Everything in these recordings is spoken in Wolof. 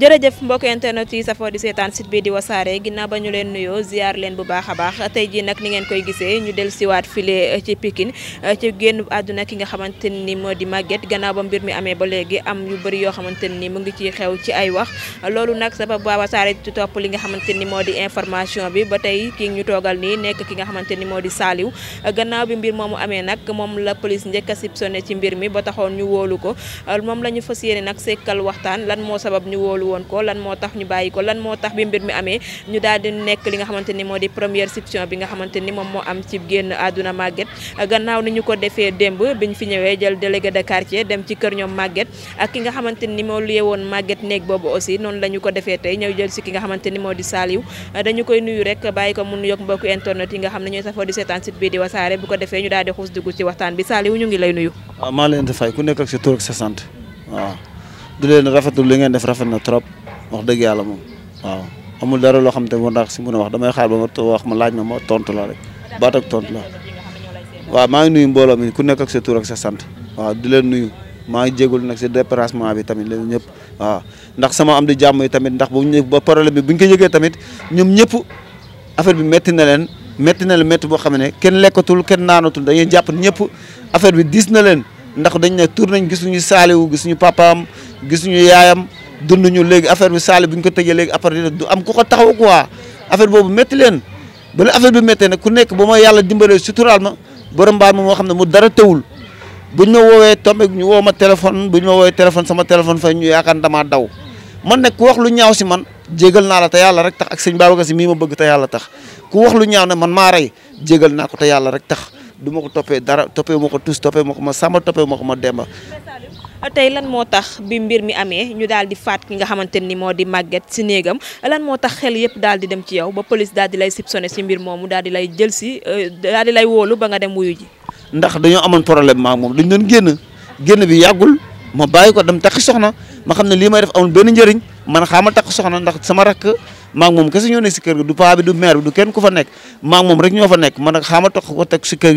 jërëjëf mbokk internet yi safoo di seetaan site bi di wasaare ginnaaw ba ñu leen nuyoo ziar leen bu baax a baax tey jii nag ni ngeen koy gisee ñu del siwaat file eh, ci Pikine eh, ci génn àdduna ki nga xamante ni moo di Maguette gannaaw ba mbir mi amee ba léegi am yu bëri yoo xamante ni mu ngi ciy xew ci ay wax loolu nag sabab ba wasaare ci topp li nga xamante ni moo di information bi ba tey kii ñu toogal nii nekk ki nga xamante ni moo di saaliw eh, gannaaw bi mbir moomu amee nag moom la police njëkk a soupçonné ci mbir mi ba taxoon ñu woolu ko moom la ñu fas yéene nag sekkal waxtaan lan moo sabab ñu woolu woon ko lan moo tax ñu bàyyi ko lan moo tax bi mbir mi amee ñu daal di nekk li nga xamante ni moo di première section bi nga xamante ni moom moo am ci génn àdduna màgget gannaaw ni ñu ko defee démb ñu fi ñëwee jël délégué de quartier dem ci kër ñoom màgget ak ki nga xamante ni moo luyee woon màgget néeg boobu aussi noonu la ñu ko defee tey ñëw jël si ki nga xamante ni moo di Saliou dañu koy nuyu rek bàyyi ko mu nuyoog mbokku internet yi nga xam ne ñooy safoo di seetaan site bii di ñu daal di xuus dugg ci waxtaan bi ngi lay nuyu. Ah, maa leen di fay ku nekk sant du leen rafetul li ngeen def rafet na trop wax dëgg yàlla moom waaw amul dara loo xam te war naa si mën a wax damay xaar ba ma wax ma laaj ma ma tontu la rek baat maa ngi nuyu mbooloo mi ku nekk ak sa ak sa sant waaw di leen nuyu maa ngi jégul nag si déplacement bi tamit leen ñëpp waaw ndax sama am di jàmm yi tamit ndax bu ñu ba problème bi bu ko yëgee tamit ñoom ñëpp affaire bi métti na leen métti na leen métti boo xam ne kenn lekkatul kenn naanatul dañuy jàpp ñëpp affaire bi diis na leen ndax dañ ne tur nañ gisuñu saaliwu gisuñu papaam gisuñu yaayam dunduñu léegi affaire bi saali bu ñu ko tëjee léegi après du am ku ko taxaw ko affaire boobu métti leen bala affaire bi méttee nag ku nekk ba ma yàlla dimbalee suturaal ma borom mbaar ma moo xam ne mu dara tëwul buñ ma woowee tombé ñu woo ma téléphone buñ ma woowee téléphone sama téléphone fay ñu yaakaar ne damaa daw man nag ku wax lu ñaaw si man jégal naa la te yàlla rek tax ak sëñ Babacar si mii ma bëgg te yàlla tax ku wax lu ñaaw ne man maa rey jégal naa ko te yàlla rek tax du ma ko toppee dara toppee ma ko tus toppee ma ko toppee ma ko ma demba tey lan moo tax bi mbir mi amee ñu daal di faat ki nga xamante ni moo di màgget si néegam lan moo tax xel yëpp daal di dem ci yow ba police daal di lay soupçonné si mbir moomu daal di lay jël si euh, daal di lay woolu ba nga dem wuyu ji. ndax dañoo amoon problème maak moom dañ doon génn génn bi yàggul ma bàyyi ko dem takki soxna ma xam ne lii may def amul benn njëriñ man xaamal takk soxna ndax sama rakk. maak moom kese ñoo nekk si kër gi du paa du maire bi du kenn ku fa nekk maak moom rek ñoo fa nekk man nag ko teg si ko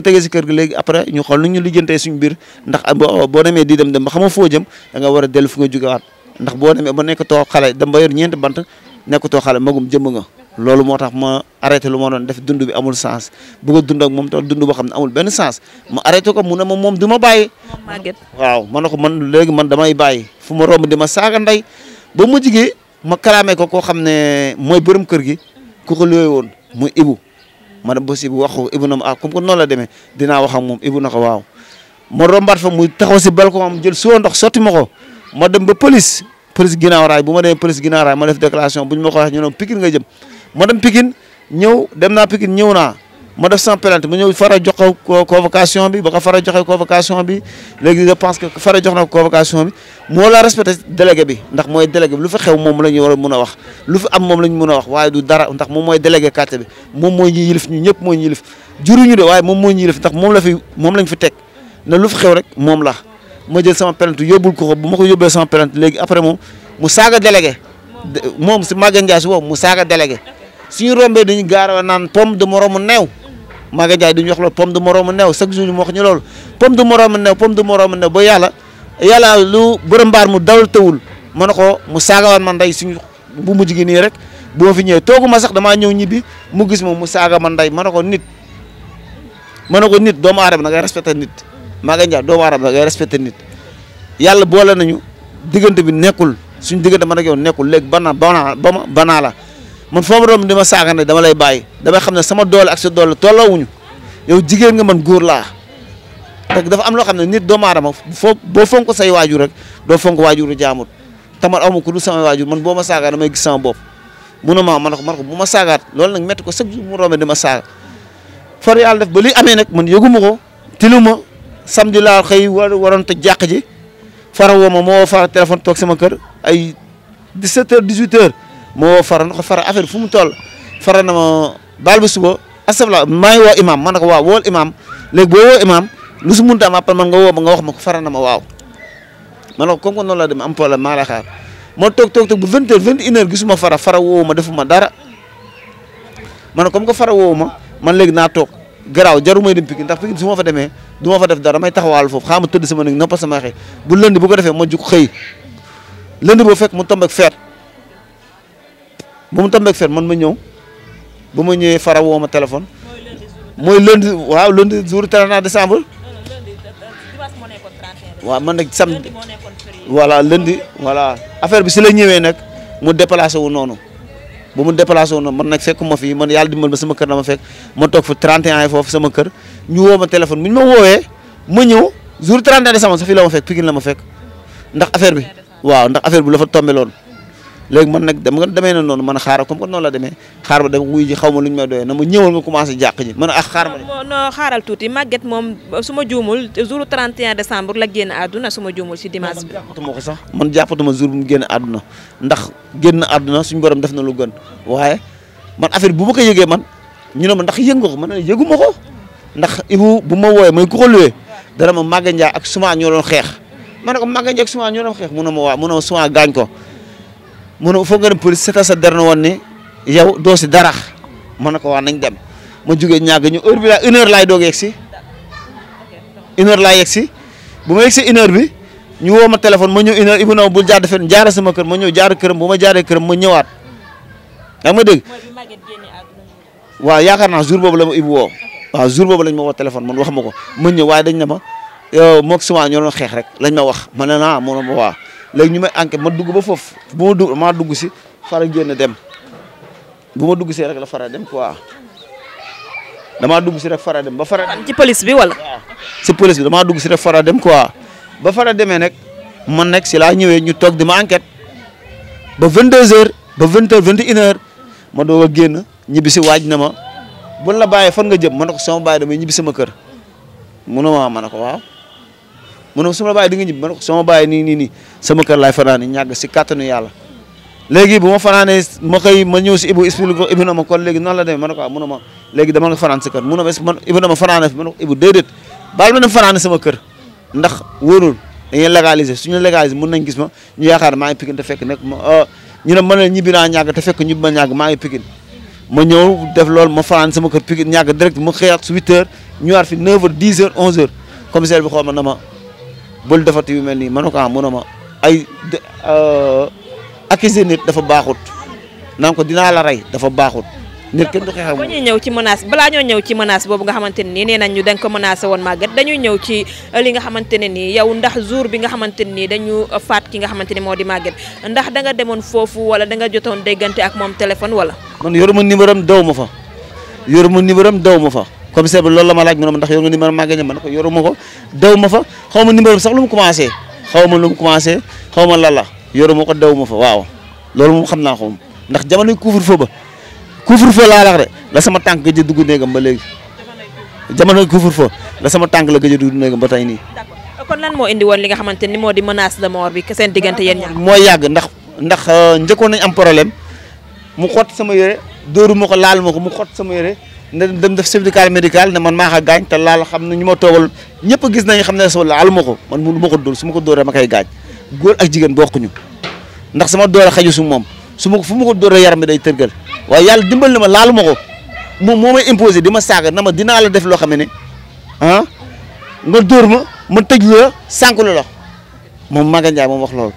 tegee si kër gi léegi après ñu xool nu ñu lijjantee suñu biir ndax boo demee di dem dem ba xama foo jëm da nga war a dellu fu nga jógewaat ndax boo demee ba nekk too xale dem ba yor bant nekkatoo xale magum jëmm nga loolu moo tax ma arrêté lu ma doon def dund bi amul sens bëgg a dund ak dund boo xam ne amul benn sens ma arrêté ko mu ne ma moom du ma bàyyi. waaw ma ne ko man léegi man damay bàyyi fu ma romb di ma saaga ndey ba mu jigee ma kalaamee ko koo xam ne mooy bërëm kër gi ku ko looy woon mu Ibu ma dem ba si Ibu wax ko Ibu na ma ah comme que noonu la demee dinaa wax ak moom Ibu na ko waaw. ma rombaat fa muy taxaw si balcon am jël soo ndox sotti ma ko ma dem ba police police ginnaaw raay bu ma demee police ginnaaw raay ma def déclaration bu ñu ma ko wax ñu nga jëm ma dem Pikine ñëw dem naa Pikine ñëw naa. ma def sans plainte mu ñëw fara jox ko convocation bi ba ko fara joxe convocation bi léegi je pense que fara jox na ko convocation bi moo la respecté délégué bi ndax mooy délégué bi lu fi xew moom la ñu war a mun a wax lu fi am moom la ñu mun a wax waaye du dara ndax moom mooy délégué quartier bi moom mooy yilif ñu ñëpp mooy ñi yilif juruñu de waaye moom mooy ñi yilif ndax moom la fi moom lañ fi teg ne lu fi xew rek moom la ma jël sama plainte yóbbul ko ko bu ma ko yóbbee sama plainte léegi après moom mu saaga délégué moom si Maguette Ndiaye si boobu mu saaga délégué suñu rombee dañu gaarawa naan pomme de moromu neew Maguette Ndiaye du ñu wax loolu pomme de moroomu new chaque jour ñu wax ñu loolu pomme de moroomu new pomme de moroomu new ba yàlla yàlla lu bërëm mbaar mu dawal tawul ma ne ko mu saagawaan man ndey suñu bu mujj gi nii rek bu fi ñëwee toogu ma sax damaa ñëw ñibbi mu gis ma mu saaga man ndey ma ko nit ma ne ko nit doom aadama da ngay respecté nit Maguette Ndiaye doomu aadama da ngay respecté nit yàlla boole nañu diggante bi nekkul suñu diggante man ak yow nekkul léegi bana bana ba banaa la man foo ma de ma saaga ne dama lay bàyyi damay xam ne sama doole ak sa doole tolloowuñu yow jigéen nga man góor laa te dafa am loo xam ne nit doomu aadama foo boo fonk say waajur rek doo fonk waajuru jaamut te man aw ma ku dul sama waajur man boo ma saagaa damay gis sama bopp mun a ma man ko man bu ma saagaat loolu nag métti ko chaque jour mu rombe di ma saaga far yàlla def ba li amee nag yegu yëguma ko tiluma samedi laa xëy war waroon te jàq ji fara woo ma moo fara téléphone toog sama kër ay 17 heures 18 moo faral na ko faral affaire fu mu toll faral na ma baal ba suba asabla maa ngi woo imaam man na ko waaw wool imaam léegi boo woo imaam lu su mënta am appel man nga woo ma nga wax ma ko faral na ma waaw man na ko comme que noonu la am problème maa la xaar ma toog toog toog bu vingt heures vingt une heure gisuma fara fara woowu ma defuma dara man na comme que fara woowu ma man léegi naa toog garaaw jaru may dem Pikine ndax Pikine su ma fa demee du ma fa def dara damay taxawal foofu xaama tëdd sama néeg noppal sama xëy bu lënd bu ko defee ma jug xëy lënd boo fekk mu tombe ak feet bu mu tombeeg fen man ma ñëw ba ma ñëwee fara woo ma téléphone mooy lundi waaw lundi jour 31 décembre waaw man nag sam voilà lënd voilà affaire bi si la ñëwee nag mu déplacé wu noonu ba mu déplacé wu noonu man nag fekk ma fii man yàlla dimbal ma sama kër dama fekk ma toog fa 31 yi foofu sama kër ñu woo ma téléphone bu ñu ma woowee ma ñëw jour 31 décembre sa fii la ma fekk Pikine la ma fekk ndax affaire bi waaw ndax affaire bi la fa tombé léegi man nag dama demee na noonu man xaaral comme que noonu la demee xaar ba dama wuy ji xaw ma lu ñu ma doyee na ma ñëwal ji man ak xaar ma non xaaral tuuti màgget moom su ma juumul jour 31 décembre la génn àdduna su ma juumul si dimanche bi jàppatuma ko sax man jàppatuma jour bu mu génn àdduna ndax génn àdduna suñu borom def na lu gan waaye man affaire bu ma ko yëgee man ñu ne ma ndax yëngu ko man ne yëgu ma ndax ibu bu ma wooyee ma ku ko luwee dara ma Maga Ndiaye ak suma ñoo xeex man ne ko Maga Ndiaye ak suma ñoo doon xeex mu ne ma waa mu ne ma suma gaañ ko mu ne foog nga dem police seetal sa der na woon ne yow doo si dara mën na ko wax nañ dem ma jugee ñàgg ñu heure bi laa une laay doog yegg si une laay yegg si bu ma yegg si bi ñu woo ma téléphone ma ñëw une heure Ibou jaar fen jaara sama kër ma ñëw jaar këram bu ma jaaree këram ma ñëwaat yaa ma dégg. waaw yaakaar naa jour boobu la ma Ibou woo waaw boobu lañ ma woo téléphone man wax ma ko ma ñëw waaye dañ na ma moog souvent ñoo doon xeex rek lañ ma wax ma ne naa ah, ma waa. léegi ñu may enquête ma dugg ba foofu bu ma dugg maa dugg si fara génn dem bu ma dugg si rek la fara dem quoi damaa dugg si rek fara dem ba fara. ci police bi wala. si police damaa dugg si rek fara dem quoi ba fara demee nag man nekk si laa ñëwee ñu toog di ma enquête ba vingt 22h ba 20h 21h ma doog a génn ñibbi si waaj na ma bun la bàyyee fan nga jëm ma ne ko sama bàyyi damay ñibbi sama kër mu ne ma ma ne ko waaw. mu ne sama baay di nga ñibbi ma ne ko sama baay nii nii nii sama kër laay fanaane ñàgg si kàttanu yàlla léegi bu ma fanaanee ma xëy ma ñëw si ibu expliqué ko ibu na ma kon léegi noonu la demee ma ne ko ah ma léegi dama la fanaan sa kër mu ne ma ibu na ma fanaane fi ma ne ko ibu déedéet baal sama kër ndax wóorul dañuy mën nañ gis ma yaakaar maa ngi Pikine te fekk nag ma ah, ñu ne ñibbi naa ñàgg te fekk ñibbi ma ñàgg maa ngi Pikine ma ñëw def loolu ma fanaan sama kër Pikine ñàgg direct ma xëyaat su 8 heures ñëwaat fi 9 heures 10 heures 11 heures commissaire bi xool ma na ma bul defati yu mel nii mënu ko ah mënu ma ay euh, accuser nit dafa baaxut naan dinaa la rey dafa baaxut. nit kenn du xeexam ñu ñëw ci menace balaa ñoo ñëw ci menace boobu nga xamante ne nii nee nañ ñu dañ ko menacé woon màggat dañuy ñëw ci euh, li nga xamante ne nii yow ndax jour bi nga xamante ne nii dañu euh, faat ki nga xamante ne moo di màggat ndax danga demoon foofu wala danga nga jotoon déggante ak moom téléphone wala. man yoruma numéro am daw fa yoruma numéro am daw fa. commissaire bi loolu la ma laaj mu ne ma ndax yor nga numéro ma ne ko yoruma ko daw ma fa xaw ma numéro bi sax lu mu commencé xaw ma lu mu xaw ma lan la yoruma ko daw ma fa waaw loolu moom xam naa ko moom ndax jamono couvre-feu ba couvre-feu laa lax la sama tànk gëj a dugg néegam ba léegi jamono couvre-feu la sama tànk la gëj a dugg néegam ba tey nii. d'accord kon moo indi li nga xamante ni moo di menace de mort bi seen diggante yéen ñaar. mooy yàgg ndax ndax euh, njëkkoon nañ am problème mu xott sama yére dóoru ko laal ma ko mu xott sama yére ne dem def certificat médical ne man maa xa gaañ te laal xam ne ñu ma toogal ñëpp gis nañu xam ne sama laalu ma ko man mënu ma ko dóor ma ko dóoree ma koy gaañ góor ak jigéen bokkuñu ndax sama dóor a xaju su moom su ma ko fu ma ko dóoree yaram bi day tërgal waaye yàlla dimbal na ma laalu ma ko moom moo may imposé di ma saaga na ma dinaa la def loo xam ne ah nga dóor ma ma tëj la sànq la moom Maga Ndiaye moom wax loolu.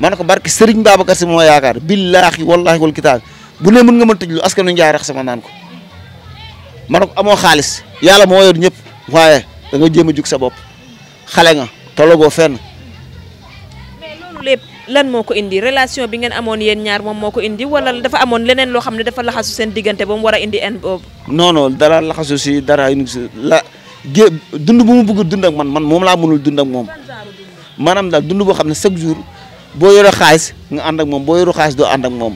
ma ne ko barke Serigne Babacar si moo yaakaar billaahi wallaahi wal kitaab bu ne mën nga ma tëj lu askanu Ndiaye rax sama naan ko. ma ne xaalis yàlla moo yor ñëpp waaye da nga jéem a jug sa bopp xale nga tollagoo fenn. mais lan moo ko indi relation bi ngeen amoon yéen ñaar moom moo ko indi wala dafa amoon leneen loo xam ne dafa laxasu seen diggante ba war a indi en boobu. dara laxasu si dara la gé dund bu mu bëgg dund ak man man moom laa mënul dund ak moom maanaam daal dund boo xam ne chaque jour boo yore xaalis nga ànd ak moom boo yore xaalis doo ànd ak moom.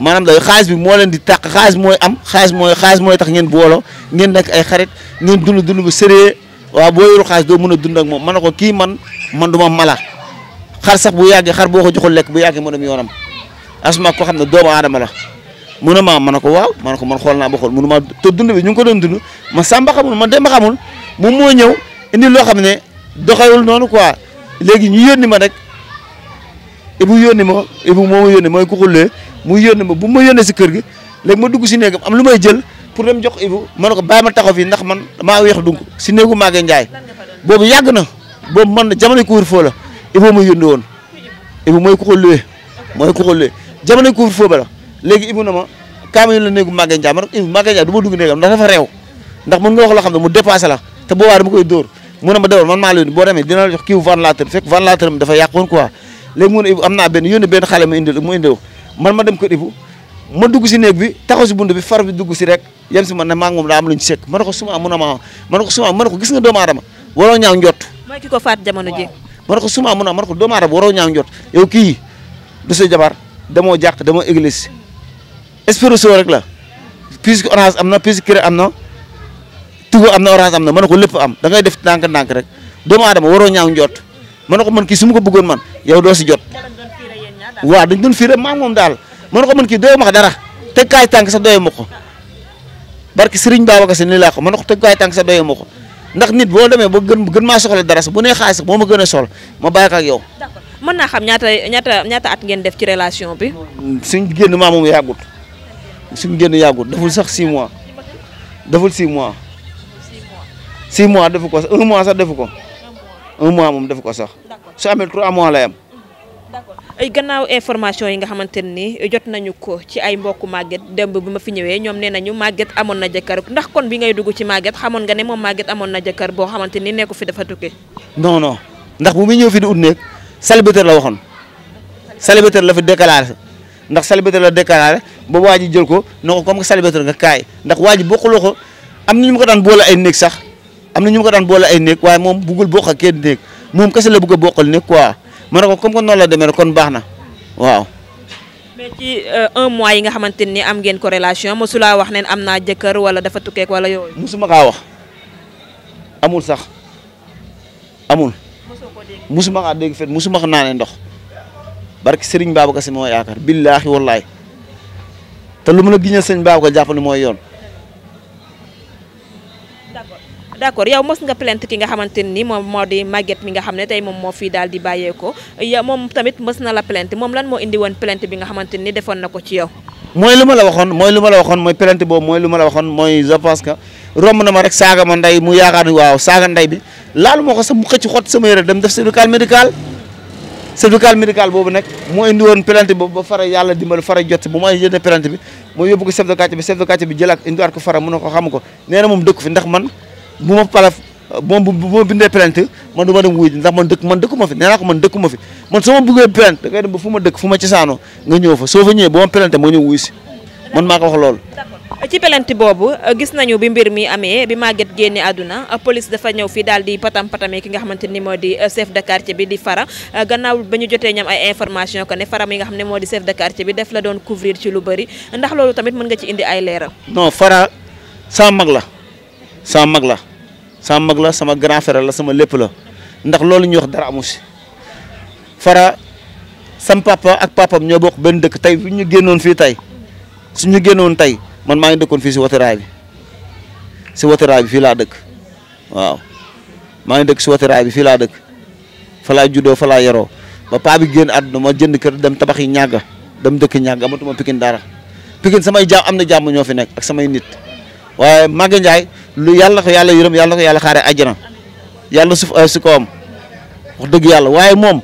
maanaam day xaalis bi moo leen di tàq xaalis mooy am xaalis mooy xaalis mooy tax ngeen boolo ngeen nekk ay xarit ngeen dund dund bu sëree waaw boo yoru xaalis doo mën a dund ak moom man na ko kii man man du ma mala xar sax bu yàggee xar boo ko joxul lekk bu yàggee mu dem yoonam asma ko xam ne doomu aadama la mun na ma ne ko waaw ma ne ko man xool naa ba xool munu ma te dund bi ñu ngi ko doon dund ma samba xamul ma demba xamul moom moo ñëw indi loo xam ne doxewul noonu quoi léegi ñu yónni ma rek ibu yónni ma ibu mooy ku xullee mu yónni ma bu ma yónnee si kër gi léegi ma dugg si néegam am lu may jël pour dem jox Ibou ma ne ko bàyyi ma taxaw fii ndax ma maa weex dunk si néegu Maguette Ndiaye boobu yàgg na boobu man ma yónni woon Ibou mooy ku ko luwee mooy ku ko luwee jamono couvre na ma kaama yónni la néegu Maguette Ndiaye ma ne ko Ibou Maguette Ndiaye du ma dugg néegam ndax dafa réew ndax mën nga wax loo xam ne mu dépassé la te boobaa dama koy dóor mu ne ma dawal man maa la yónni boo demee dina la jox kii ventilateur fekk ventilateur dafa yàqoon quoi léegi mu ne Ibou naa benn yónni benn xale mu indil mu indil man ma dem ko Ibou ma dugg si néeg bi taxaw si bunt bi far bi dugg si rek yem si man ne maa ngi moom am lu ñu sekk ma ne ko suma mun a ma ma ne ko suma ma ne ko gis nga doomu aadama waroo ñaaw njott. mooy ko faat jamono ji. ma ne ko suma mun a ma ko doomu aadama waroo ñaaw njott yow kii du sa jabar demoo jàq demoo église espéroso rek la puisque orange am na puisque kere am na tugo am na orange am na ma ne ko lépp am da ngay def ndànk-ndànk rek doomu aadama waroo ñaaw njott ma ne ko man ki su ko bëggoon man yow doo si jot. waaw dañ doon fii rek maa moom daal man ko man kii doyuma ko dara teg kaay tànk sax doyuma ko barki Serigne Babacar Sy nii laa ko man ko teg kaay tànk sax doyuma ko ndax nit boo demee ba gën gën maa soxla dara sax bu nee xaalis sax moo ma gën a sol ma bàyyi ko ak yow. man naa xam ñaata ñaata ñaata at ngeen def ci relation bi. suñ génn maa moom yàggut suñ génn yàggut deful sax 6 mois deful 6 mois. 6 mois defu ko sax 1 mois sax defu ko. un mois moom def ko sax su amee trois mois lay am ay gannaaw information yi nga xamante ni jot nañu ko ci ay mbokku màgget démb bi ma fi ñëwee ñoom nee nañu màgget amoon na jëkkër ndax kon bi ngay dugg ci màgget xamoon nga ne moom màgget amoon na jëkkër xamante ni nekku fi dafa tukki. non non ndax bu muy ñëw fi di ut néeg la waxoon célibataire la fi déclaré ndax célibataire la déclaré ba waa jël ko na comme que célibataire nga kaay ndax waa ji ko am na ñu ma ko daan boole ay néeg sax am na ñu ma ko daan boole ay néeg waaye moom bëggul bokk ak kenn néeg moom kese la bëgg a bokkal néeg quoi ma ne ko comme que noonu la demee kon baax na waaw. mais ci euh, un mois yi nga xamante ni am ngeen corrélation mosulaa wax neen am naa jëkkër wala dafa tukkeek wala yooyu. mosuma kaa wax amul sax amul. mosuma kaa dégg fet mosuma ko naanee ndox sëriñ Serigne Babacar si moo yaakaar billaahi wallaahi te lu ma la giñal sëñ Babacar jàpp ne mooy yoon. d'accord yow mos nga plainte ki nga xamante ni moom moo di Maguette mi nga xam ne tey moom moo fii daal di bàyyeekoo yow moom tamit mos na la plainte moom lan moo indi woon plainte bi nga xamante ni defoon na ko ci yow. mooy lu ma la waxoon mooy lu ma la waxoon mooy plainte boobu mooy lu ma la waxoon mooy je bi laalu ma ko xëcc xott sama yére dem boobu nag moo indi woon plainte boobu ba fara yàlla dimbali fara jot bu ma yónnee plainte bi moo yóbbu ko jëlaat ko fara mun na ko xam ko nee na moom dëkk fi ndax man. bu ma pare moom bu ma bindee plainte man du ma dem wuy ndax man dëkk man dëkku ma fi nee naa man dëkku ma fi man soo ma bëggee plainte da ngay dem ba fu ma dëkk fu ma cosaanoo nga ñëw fa soo fa ñëwee boo ma plainte moo ñëw wuy si man maa ko wax loolu. ci plainte boobu euh, gis nañu bi mbir mi amee bi Maguette génne àdduna euh, police dafa ñëw fii daal di patam patame ki nga xamante ni moo di euh, chef de quartier bi di Fara gannaaw ba ñu jotee ñam ay information que ne Fara mi nga xam ne moo di chef de quartier bi def la doon couvrir ci lu bëri ndax loolu tamit mën nga ci indi ay leeral. non Fara sama mag la sama mag la. sama mag la sama grand frère la sama lépp la ndax loolu ñuy wax dara amu si fara sam papa ak papam ñoo bokk benn dëkk tey bu ñu génnoon fii tey suñu génnoon tey man maa ngi dëkkoon fii si wateraay bi si wateraay bi fii laa dëkk waaw maa ngi dëkk si wateraay bi fii laa dëkk falaa laa juddoo fa laa yaroo ba paa bi génn àdduna ma jënd kër dem tabax yi ñàgga dem dëkk ñàgga amatuma pikin dara pikin samay jaam am na jàmm ñoo fi nekk ak samay nit waaye Maguette Ndiaye lu yàlla ko yàlla yërëm yàlla ko yàlla xaare àjjana yàlla suuf ay euh, si wax dëgg yàlla waaye moom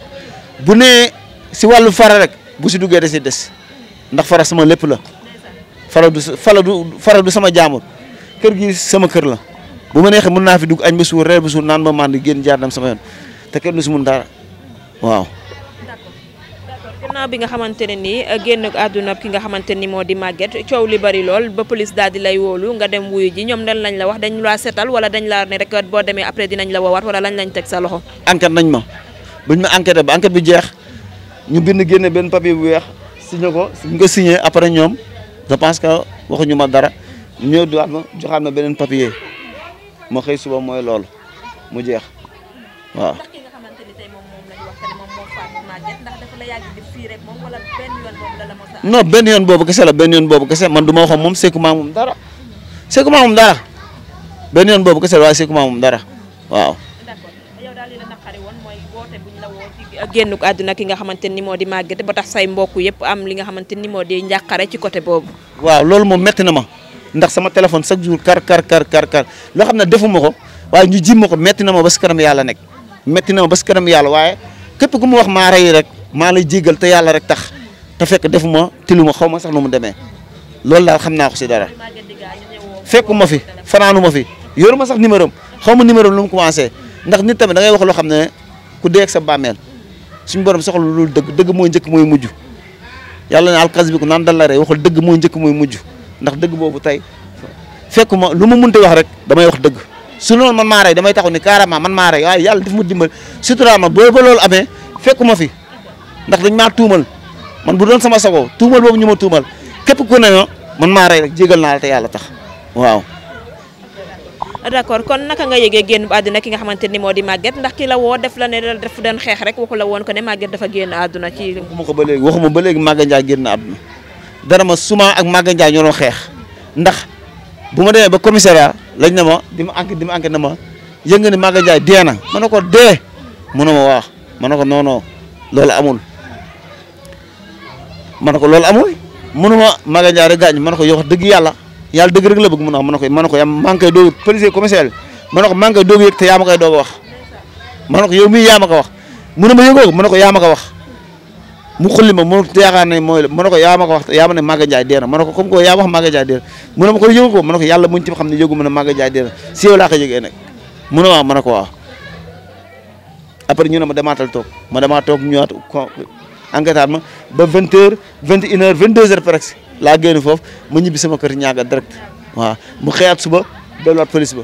bu nee si wàllu fara rek bu si duggee da si des ndax fara sama lépp la fara du du fara du sama jaamur kër gi sama kër la bu ma neexee mën naa fi dugg añ ba suur reer ba suur naan ba mànd génn jaar dem sama yoon te kenn du si mun dara waaw gannaaw bi nga xamante ne nii eh, génn àdduna ki nga xamante ni moo di màgget coow li bari lool ba police daal di lay wóolu nga dem wuyu ji ñoom lan lañ la wax dañu laa setal wala dañ laa ne rek boo demee après dinañ la woowaat wala lañ lañ teg sa loxo. enquête nañ ma buñ ma enquêté ba enquête bi jeex ñu bind génne benn papier bu weex signé ko ñu ko signé après ñoom je pense que waxuñu ma dara ñëw diwaat ma joxaat ma beneen papier ma xëy suba mooy loolu mu jeex non benn yoon boobu kese la benn yoon boobu kese man du ma waxoon moom sekkuma moom dara sekkuma moom dara benn yoon boobu kese la waaye dara waaw. génn ko àdduna ki nga xamante ni moo di màggate ba tax say mbokk yëpp am li nga xamante ni moo di njàqare ci côté boobu. waaw loolu moom metti na ma ndax sama téléphone chaque jour kar kar kar kar loo xam ne defu ko waaye ñu ji ma ko metti na ma ba si kanam yàlla nekk metti na ma ba si kanam yàlla waaye képp ku mu wax maa rey rek maa lay jéggal te yàlla rek tax te fekk defuma tiluma xaw ma sax nu mu demee loolu daal xam naa ko si dara fekk ma fi ma fi yoru ma sax numéro am xaw ma numéro am lu commencé ndax nit tamit da ngay wax loo xam ne ku dee ak sa suñu borom soxla loolu dëgg dëgg mooy njëkk mooy mujj yàlla ne alkas bi ko naan dal la rey waxul dëgg mooy njëkk mooy mujj ndax dëgg boobu tey ma lu ma te wax rek damay wax dëgg su loolu man maa rey damay taxaw ni carrément man maa rey waaye yàlla daf ma dimbal sutura ma boo ba loolu amee ma fi ndax dañ maa tuumal man bu doon sama sago tuumal boobu ñu ma tuumal képp ku ne no ah, man maa rey rek jégal naa la te yàlla tax waaw. d'accord kon naka nga yëgee génn àdduna ki nga xamante ni moo di Maguette ndax ki la woo def la ne def doon xeex rek waxu la woon ko ne Maguette dafa génn àdduna ci. waxuma ko ba léegi waxuma ba léegi Maguette Ndiaye génn àdduna dara ma suma ak Maguette Ndiaye ñoo doon xeex ndax bu ma demee ba commissariat lañ na ma di ma enquête di ma na ma yëngu ne Maguette Ndiaye dee na ma ne ko dee mu ne ma waaw ma ne ko noonoo non loolu amul. ma ne ko loolu amul mënu ma Maga Ndiaye gaañ ma ko yow dëgg yàlla yàlla dëgg rek la bëgg mu ne ma ne ko ma ne ko doog policier commissaire ma ne ko maa ngi koy doog yëg te yaa ma koy doog wax ma ne ko yow mii yaa ma ko wax mënu ma yëgoo ko yaa ma ko wax mu ma mu yaakaar ma ne ko yaa ma ko wax yaa ma ne Maga Ndiaye ko comme que yaa ma wax Maga Ndiaye dee ma ko yëgu ko ma ne ko yàlla muñ ci xam ne yëgu ma ne Maga Ndiaye dee na si yow laa ko yëgee nag mu ne ma ne ko waaw après ñu na ma demaatal toog ma demaat toog enquêtaat ma ba vingt heures vingt une heures vingt deux heures presque laa génn foofu ma ñibbi sama kër ñaaga direct waaw mu xëyaat suba delluwaat police ba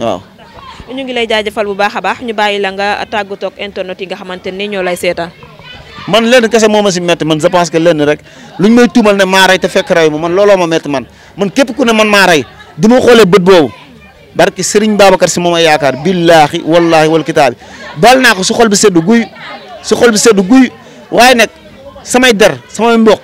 waaw. ñu ngi lay jaajëfal bu baax a baax ñu bàyyi la nga tàggatoog internet yi nga xamante ni ñoo lay seetaan. man lenn kese moom ma si métti man je pense que lenn rek luñ may tuumal ne maa rey te fekk rey ma man looloo ma métti man man képp ku ne man maa rey du ma xoolee bët boobu barki Serigne Babacar si moom yaakaar billaahi wallaahi wal kitaabi baal si xol bi seddu guy waaye nag samay der samay mbokk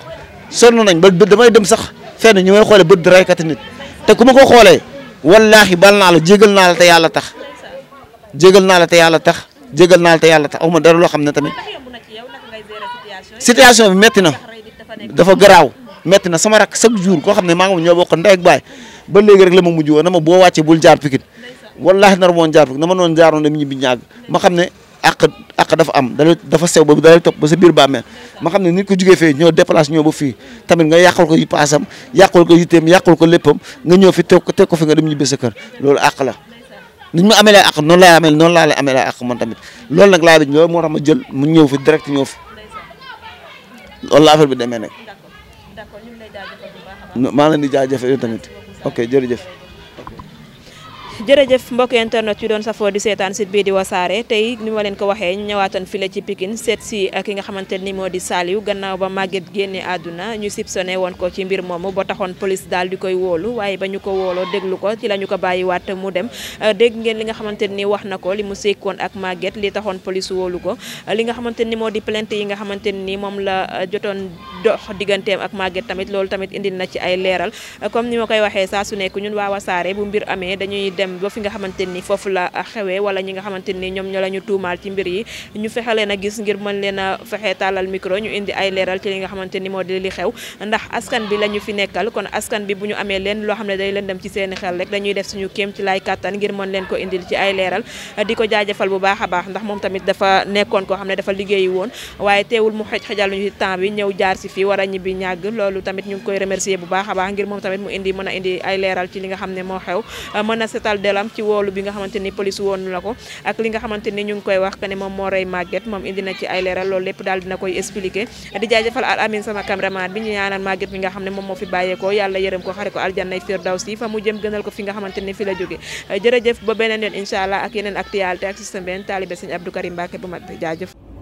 sonn nañ ba damay dem sax fenn ñu may xoolee bët raykati nit te ku ma ko xoolee wallaahi bal naa la jégal naa la te yàlla tax jégal naa la te yàlla tax jégal naa la te yàlla tax aw ma dara loo xam ne tamit situation bi metti na dafa garaaw métti na sama rak chaque jour koo xam ne maa ngi ñoo bokk ndey ak baay ba léegi rek la ma mujj woon na ma boo wàccee bul jaar Pikine wallaahi na moon jaar Pikine na ma noon jaaroon dem ñibbi ñàgg ma àq àq dafa am dala dafa sew ba dalay topp ba sa biir bàmmeel ma xam ne nit ko jugee fee ñoo déplacé ñoo ba fii tamit nga yàqal ko yi paasam yàqal ko yitteem yàqal ko léppam nga ñëw fi teg ko teg ko fi nga dem ñibbi sa kër loolu àq la ni ñu ma amee lay àq noonu amee noonu laa lay amee lay man tamit loolu nag laa bi loolu moo tax ma jël mu ñëw fi direct ñëw fi loolu la bi demee nag maa ngi leen di jaajëfal yow tamit ok jërëjëf jërëjëf mbokk internet yu doon safoo di seetaan site bii di wasaare tey ni ma leen ko waxee ñu ñëwaatan file ci Pikine seet si ki nga xamante ni moo di Saliou gannaaw ba Maguette génne àdduna ñu soupçonné woon ko ci mbir moomu ba taxoon police daal di koy wóolu waaye ba ñu ko wóoloo déglu ko ci la ñu ko bàyyiwaat mu dem euh, dégg ngeen li nga xamante ni wax na ko li mu sékkoon ak Maguette li taxoon police wóolu ko euh, li nga xamante ni moo di plainte yi nga xamante ni moom la euh, jotoon dox digganteem ak Maguette tamit loolu tamit indil na ci ay leeral comme ni ma koy waxee saa su nekk ñun waa wasaare bu mbir amee dañuy dem dem ba fi nga xamante ni foofu la xewee wala ñi nga xamante ni ñoom ñoo la ñu tuumaal ci mbir yi ñu fexe leen a gis ngir mën leen a fexe tàllal micro ñu indi ay leeral ci li nga xamante ni moo di li xew ndax askan bi la ñu fi nekkal kon askan bi bu ñu amee leen loo xam ne day leen dem ci seeni xel rek dañuy def suñu kéem ci laay ngir mën leen ko indil ci ay leeral di ko jaajëfal bu baax a baax ndax moom tamit dafa nekkoon koo xam ne dafa liggéeyi woon waaye teewul mu xëj xëjal ñu ci temps bi ñëw jaar si fii wara a ñibbi ñàgg loolu tamit ñu ngi koy remercier bu baax a baax ngir moom tamit mu indi mën a indi ay leeral ci li nga xam ne moo xew mën a setal njeextal delam ci woolu bi nga xamante police woon la ak li nga xamante ñu ngi koy wax que ne moom moo rey Maguette moom indi ci ay leeral loolu lépp daal dina koy expliqué di jaajëfal al amin sama cameraman bi ñu ñaanal Maguette mi nga xam ne moom moo fi bàyyeekoo yàlla yërëm ko xare ko aljannay firdawsi fa mu jëm gënal ko fi nga xamante fi la jóge jërëjëf ba beneen yoon incha allah ak yeneen ak système beneen taalibe sëñ Abdou Karim Mbacke bu mag